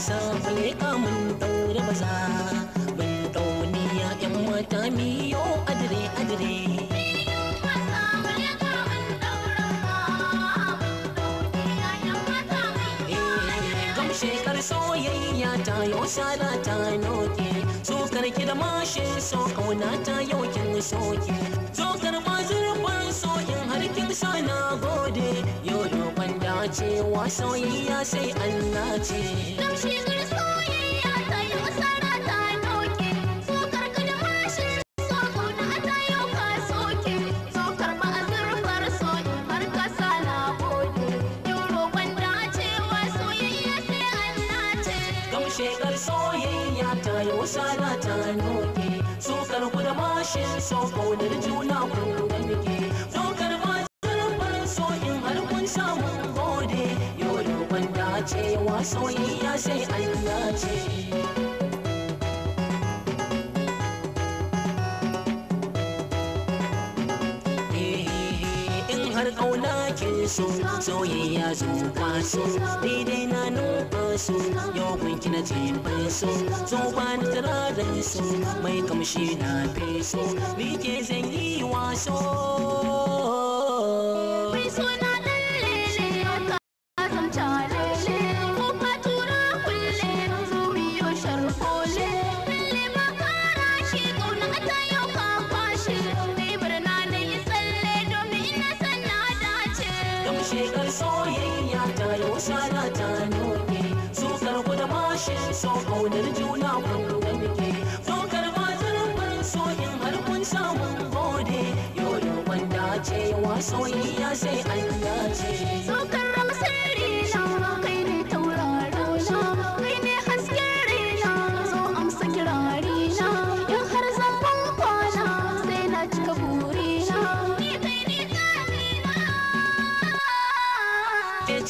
sabale ka mun daure baza mun dauniya yan mata miyo adire adire soyayya ta yau ta noke sukar ki da mashe so kauna ta yau kin soke ma zurfan so har kin sa na gode yau roƙon dacewa soyayya sai Allah ce. shekar soyayya ta yi ta nuke sokar ku da mashin so juna kun ganke dokar matar farin so in har kun samu gode yau da kwanta cewa soyayya sai an ce. har auna su so soyayya su so daidai na nufa su yau kun kina jefa so ba ni turaren so mai kamshi na su ni ke zan yi waso. Eh, suna shekar soyayya ta yausa na ta noke sukar ku da mashin so kaunar juna kun ganke sukar ba zarafin so har kun gode yoyo wanda cewa soyayya sai an dace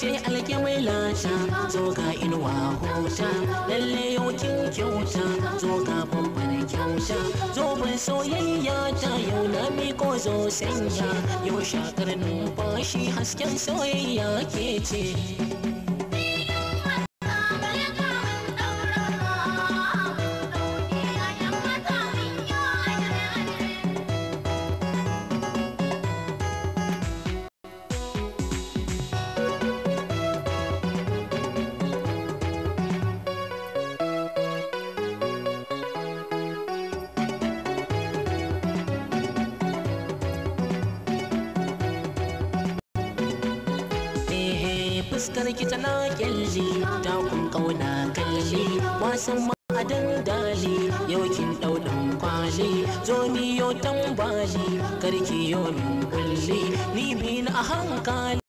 ce alke mai lasha zo ga inuwa hosha lalle yau kin kyauta zo ga bambar kyauta zo bin soyayya ta yau na mi ko zo sanya yau shakar numfashi hasken soyayya ke ce fuskar ki na kyalli ta kun kauna kalli wasan ma'adan dali yau kin daudan kwali zo ni yau tambali karki yau min kulli ni bin a hankali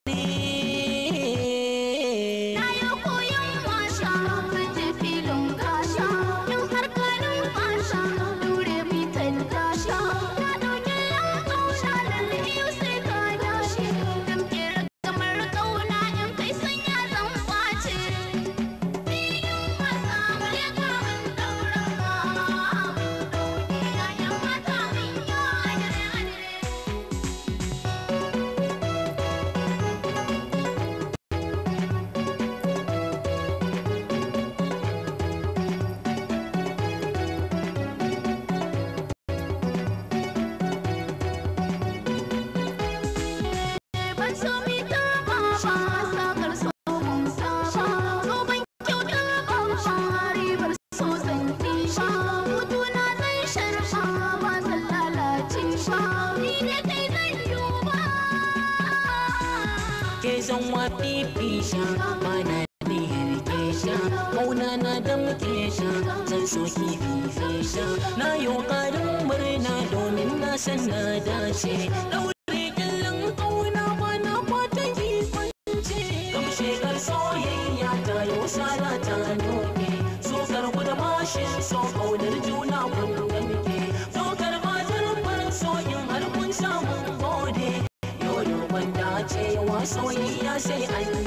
ke zan wa pipi sha ba na ni na da muke sha zan so ki fife sha na yo karin murna domin na san na dace daure kallon kauna ba na kwatan kifance kamshe kar soyayya ta yo sara ta nuna masoyiya sai an